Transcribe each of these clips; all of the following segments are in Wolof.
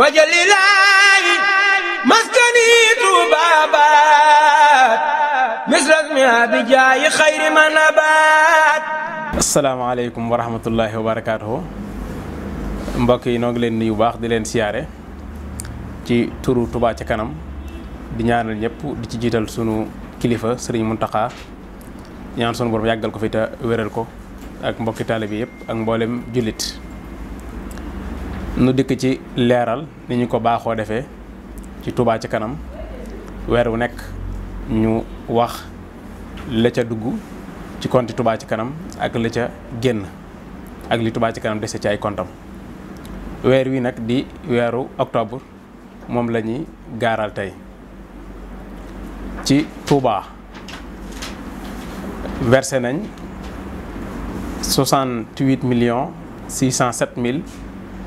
wajalilaayi maskani tuubaabaat misras mi abijaayi xayri manabaat asalaamaaleykum wa rahmatullaahi wa barakaatuhu mbokk yi noo ngi leen nuyu bu baax di leen siyaare ci turu tubaa ca kanam di ñaanal ñëpp di ci jiital sunu kilifa sëriñ Muntaxa ñaan sunu borom yàggal ko fi te wéral ko ak mbokki taalibe bi yëpp ak mboolem jullit nu dikk ci leeral ni ñu ko baaxoo defee ci Touba ci kanam weer wu nekk ñu wax la ca dugg ci konti Touba ci kanam ak la ca génn ak li Touba ci kanam dese ci ay kontam weer wi nag di weeru octobre moom la ñuy gaaral tey ci Touba versé nañ 68 millions 607 mille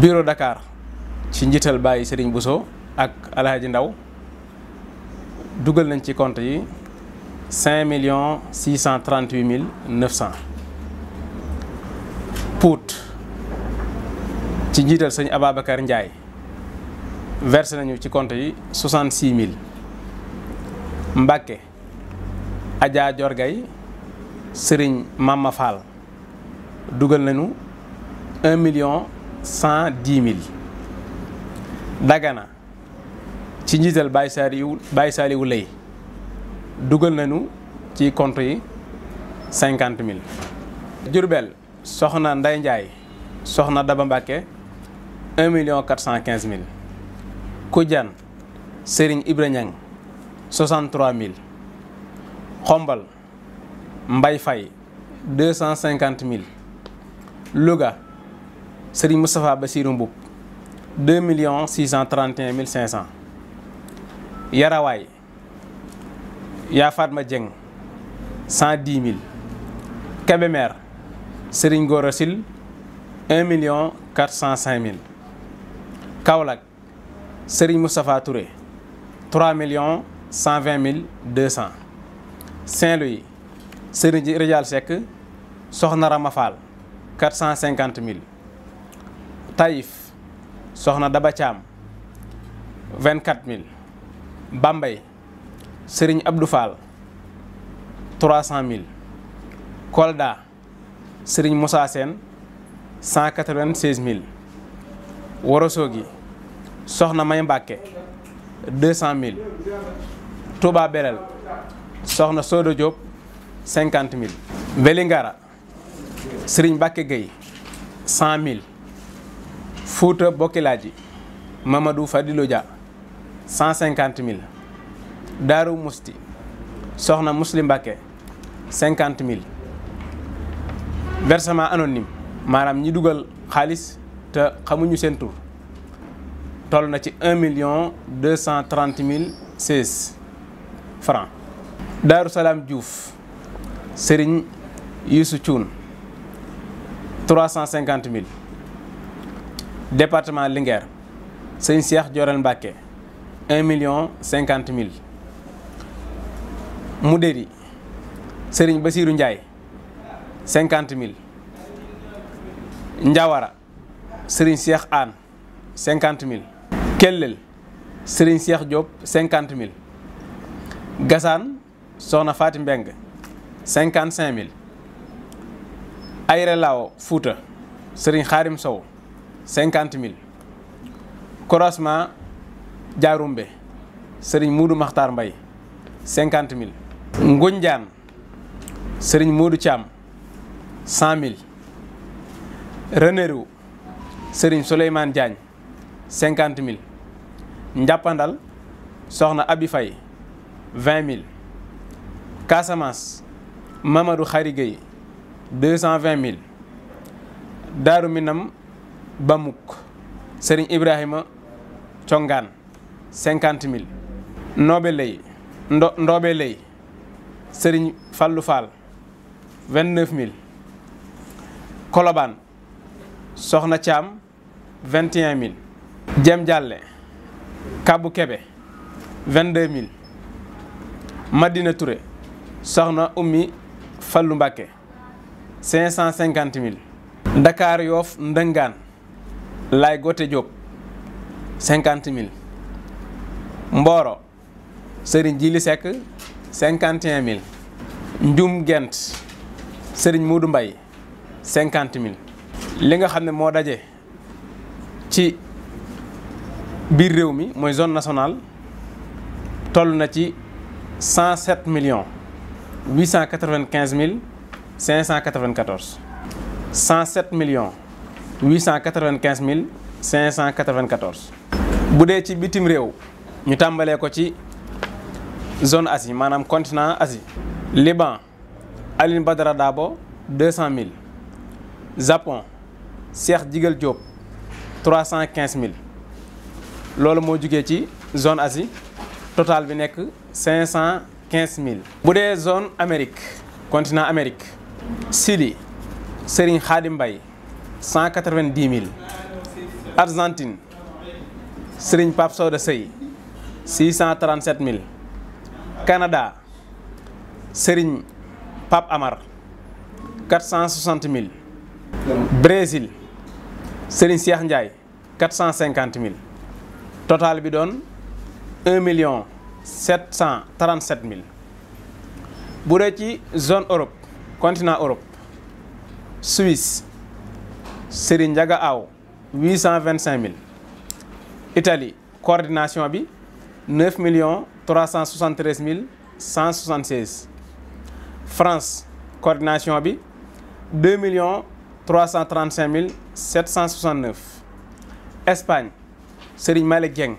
bureau Dakar ci njiital bàyyi Serigne Bousso ak Alhaji Ndaw dugal nañ ci compte yi cinq millions six cent trente mille neuf Pout ci njiital sëñ Ababacar Ndiaye versé nañu ci compte yi soixante six mille Mbacke Adja Diorgay Serigne Mama dugal nañu million. cent dix mille dagana ci njiital Baye Saliou lay dugal nañu ci compte yi cinquante mille Jurbel soxna Nday Njaay soxna Daba Mbàkke million quatre cent quinze mille Kujaan Sëriñ Ibra Ñang mille Xombal Mbay Fay deux cent cinquante mille Louga Serigne Moustapha Bassirou Mboup deux millions six cent trente et un cent Yarawaay Yaa Fatma Dieng cent dix mille Kébémer Serigne Gora Sil un million quatre cent cinq mille Kaolack Serigne Moustapha Touré trois millions cent vingt mille deux cent Saint-Louis Serigne Ridial Soxna Rama Fall cent cinquante mille Taïf soxna Daba Thiam vingt-quatre mille Bambey Serigne Abdou Fall trois mille Kolda Serigne Moussa Sène cent quatre-vingt-seize mille Worosogi soxna May Mbàkke deux cent mille Touba soxna Sodo Diop cinquante mille Vélingara Serigne Mbàkke Gueye cent mille bokkilaa ji Mamadou Fadilou Dia cent cinquante mille Daaru Musti Soxna Muslim Mbàkke cinquante mille versement anonyme maanaam ñi dugal xaalis te xamuñu seen tur toll na ci un million deux cent trente mille seize francs Daaru Salaam Diouf Serigne Youssou Thioune cent cinquante mille département Linguère sëñ Cheikh Jorel Mbacke un million cinquante mill Moudéri sëriñ Basirou Ndiaye cinquante mille Ndiawara sëriñ Cheikh Anne cinquante mille Kellel sëriñ Cheikh Diop cinquante mille Gassane Soxna Faati Mbeng cinquante cinq mille Ayrelao Fouta sëriñ Xaarim Sow cinquante mille croisement jaarumbe sëriñ Muudu Maxtaar Mbay cinquante mille Ngunjaan sëriñ Muudu Caam cent mille Ranérou sëriñ Souleymane Diagne cinquante mille Njàppandal soxna abifay vingt mille Casamance Mamadou Xari Gueye deux vingt mille Daaru Bamuk Serigne Ibrahima Congaan cinquante mille Noobe Lay Ndo Ndoobe Lay Serigne Fallou Fall vingt neuf mille Kolobaan Soxna Thiam vingt et mille Jem Jàlle Kabu Kebe vingt deux mille Madina Touré Soxna Ummi Fallu Mbàkke cinq cent cinquante mille Dakar Yoof Laay Gote Diop cinquante mille Mboro Serigne Djili Seck cinquante et mille Ndioum Gent Serigne Modou mbay cinquante mille li nga xam ne moo daje ci biir réew mi mooy zone nationale toll na ci cent sept millions huit cent quatre vingt mille cinq cent quatre cent sept millions 895 mille 594 bu dee ci bitim réew ñu tàmbalee ko ci zone Asie maanaam continent Asie Liban Aline Badara Dabo 200 mille Japon Cheikh Jigal Diop 315 mille loolu moo jugee ci zone Asie total bi nekk 515 mille bu dee zone amerique continent Amérique Sili Serigne Khadim Mbaye cent quatre-vingt-dix mille Argentine Serigne Pape Soda Sey six cent trente-sept mille Canada Serigne Pape Amar quatre cent soixante mille Brésil Serigne Cheikh Ndiaye quatre cent cinquante mille total bi doon un million sept cent mille bu dee ci zone Europe continent Europe Suisse Serigne Ndiaga Aw huit cent vingt cinq mille Italie coordination bi neuf million trois cent mille cent soixante seize France coordination bi deux millions trois cent cinq mille sept cent soixante neuf Espagne Serigne Malick Dieng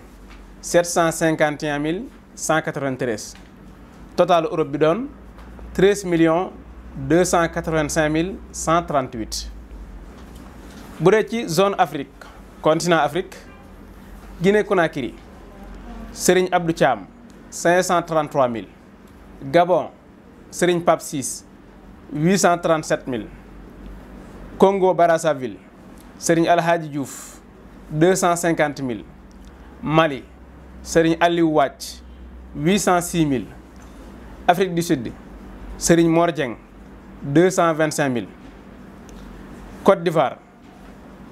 sept cent cinquante et mille cent quatre vingt treize total Europe bi doon treize millions deux cent quatre mille cent bu dee ci zone Afrique continent Afrique Guinée Conakry Serigne Abdou Thiam 533000 Gabon Serigne Pape 6 837000 Congo Brazzaville Serigne Alhaji Diouf 250000 Mali Serigne Aliou Wàcc 806000 Afrique du Sud Serigne Mor Dieng 225000 Côte d'Ivoire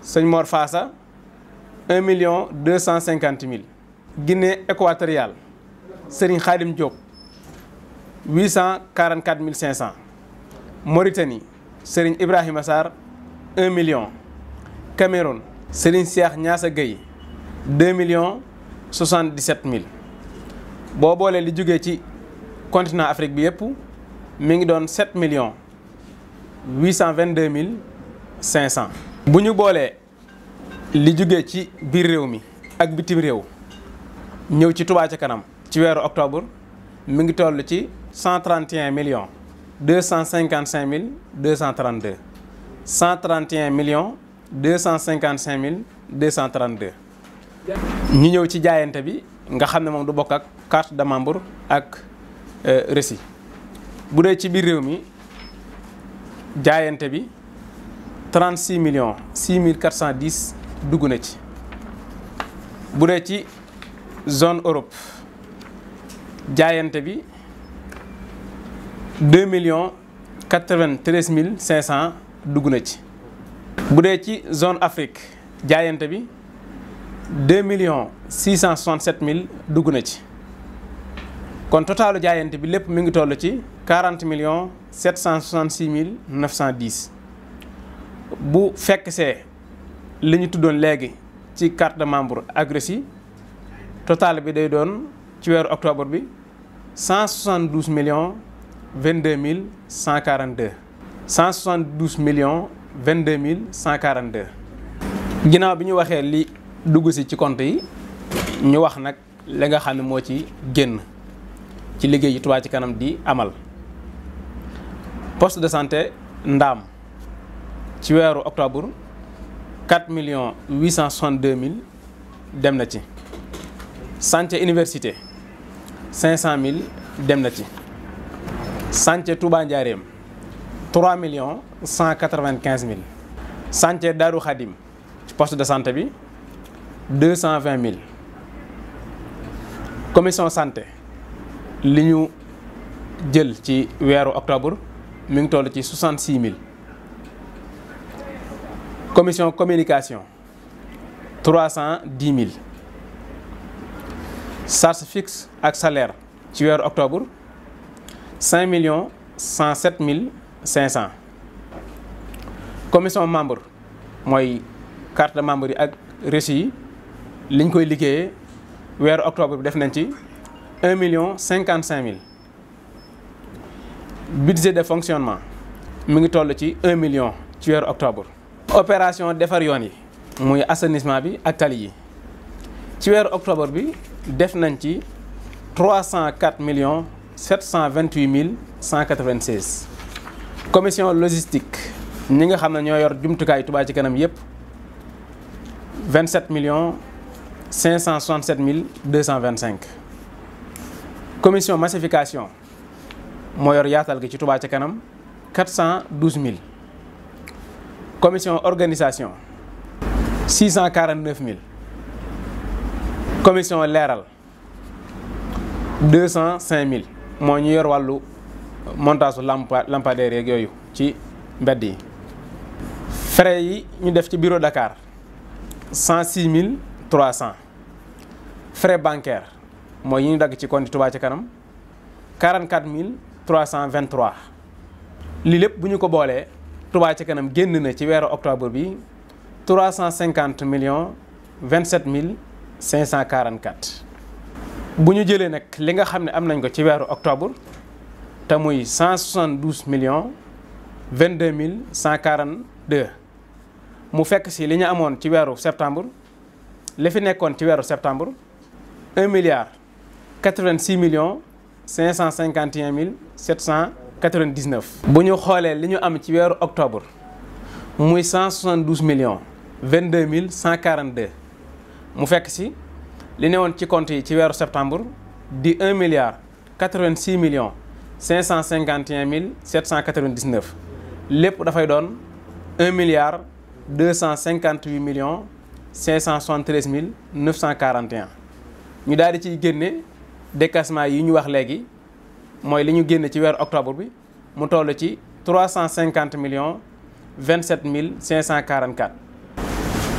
sëñ Mor Faasa un million deux cent cinquante mille. Guinée équatoriale Serigne Khadim Diop huit cent quarante quatre mille cinq cent. Mauritanie Serigne Ibrahima Sarr un million. Cameroun Serigne Cheikh Niassa Gueye deux millions soixante dix sept mille. boo boolee li jógee ci continent Afrique bi yëpp mi ngi doon sept millions huit cent vingt deux mille cinq cent. bu ñu boolee li jugee ci biir réew mi ak bitim réew ñëw ci Touba ca kanam ci weeru octobre mu ngi toll ci cent trente et un cent cinquante cinq mille deux cent trente deux cent trente cent cinquante cinq mille deux cent trente ñu ñëw ci jaayante bi nga xam ne moom du bokk ak carte de membre ak euh, récit bu dee ci biir réew mi jaayante bi. 36 millions 6410 dugg na ci bu dee ci zone Europe jaayante bi 2 millions 93 mille 500 dugg na ci. bu dee ci zone Afrique jaayante bi 2 millions 667 mille dugg na ci kon totalu jaayante bi lépp mi ngi toll ci million millions 766 mille 910. bu fekk see li ñu tuddoon léegi ci carte de membre agressi total bi day doon ci weeru octobre bi cent soixante douze millions vingt deux mille cent quarante deux. cent soixante douze millions vingt deux mille cent quarante deux. ginnaaw bi ñu waxee li dugg si ci compte yi ñu wax nag li nga xam ne moo ci génn ci liggéey yi Touba ci kanam di amal post de santé ndaam. ci weeru octobre 4 millions 862 mille dem na ci santé université 500 mille dem na ci santé Touba Ndiarème 3 millions 195 mille santé Darou Khadim ci de santé bi 220 mille commission santé li ñu jël ci weeru octobre mu ngi toll ci 66 mille commission communication trois cent dix mille charge fix ak salaire ci weer octobre cinq millions cent sept mille cinq cent commission membre mooy carte membre yi ak reçu liñ koy liggéeyee weer octobre bi def nañ ci million cinquante cinq mille budget de fonctionnement mu ngi toll ci un million ci weeru octobre opération defar yoon yi muy assainissement bi ak tali yi ci weeru octobre bi def nañ ci trois cent quatre millions sept cent vingt huit mille cent quatre vingt seize commission logistique ñi nga xam ne ñoo yor jumtukaay Touba ci kanam yépp vingt sept millions cinq cent soixante sept mille deux cent vingt cinq commission massification moo yor yaatal gi ci Touba ci kanam quatre cent douze mille commission organisation six cent quarante neuf mille commission leeral deux cent mille moo ñu yor wàllu montage su lampa lampadaire yooyu ci mbedd yi. frais yi ñu def ci bureau Dakar cent six mille trois cent frais bancaire mooy yi ñu dagg ci compte ci kanam quarante quatre mille trois cent vingt trois lii lépp bu ñu ko boolee. Touba ci kanam génn na ci weeru octobre bi million millions 27 mille 544 bu ñu jëlee nag li nga xam ne am nañ ko ci weeru octobre te muy million vingt 22 mille 142 mu fekk si li ñu amoon ci weeru septembre li fi nekkoon ci weeru septembre 1 milliard 86 millions 551 mille 700. 99. bu ñu xoolee li ñu am ci weeru octobre muy 172 millions 22 mille 142 mu fekk si li ne woon ci compte yi ci weeru septembre di 1 milliard 86 millions 551 mille 799 lépp dafay doon 1 milliard 258 millions 573 mille 941 ñu daal di ciy génne décaissement yi ñu wax léegi. mooy li ñu génne ci weer octobre bi mu toll ci trois cent cinquante millions vingt sept mille cinq cent quarante quatre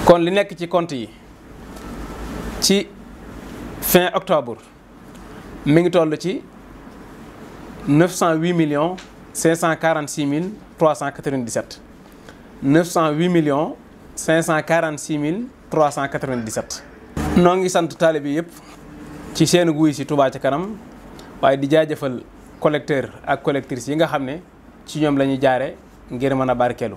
kon li nekk ci compte yi ci fin octobre mi ngi toll ci neuf cent millions cinq cent quarante six mille trois cent quatre vingt dix sept neuf cent huit millions cinq cent quarante mille trois cent quatre vingt dix noo ngi sant taalibe yi yëpp ci seen guy si Touba ci kanam waaye di jaajëfal collecteur ak collectrice yi nga xam ne ci ñoom la ñuy jaare ngir mën a barkeelu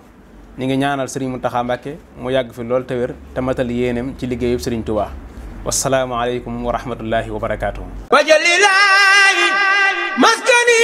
ñu ngi ñaanal Serigne Mountakha Mbacké mu yàgg fi lool te wér te matal yéeneem ci liggéeyub Serigne Touba wasalaamu aleykum wa rahmatullahi wa barakaatuhu wajalilaahi maskani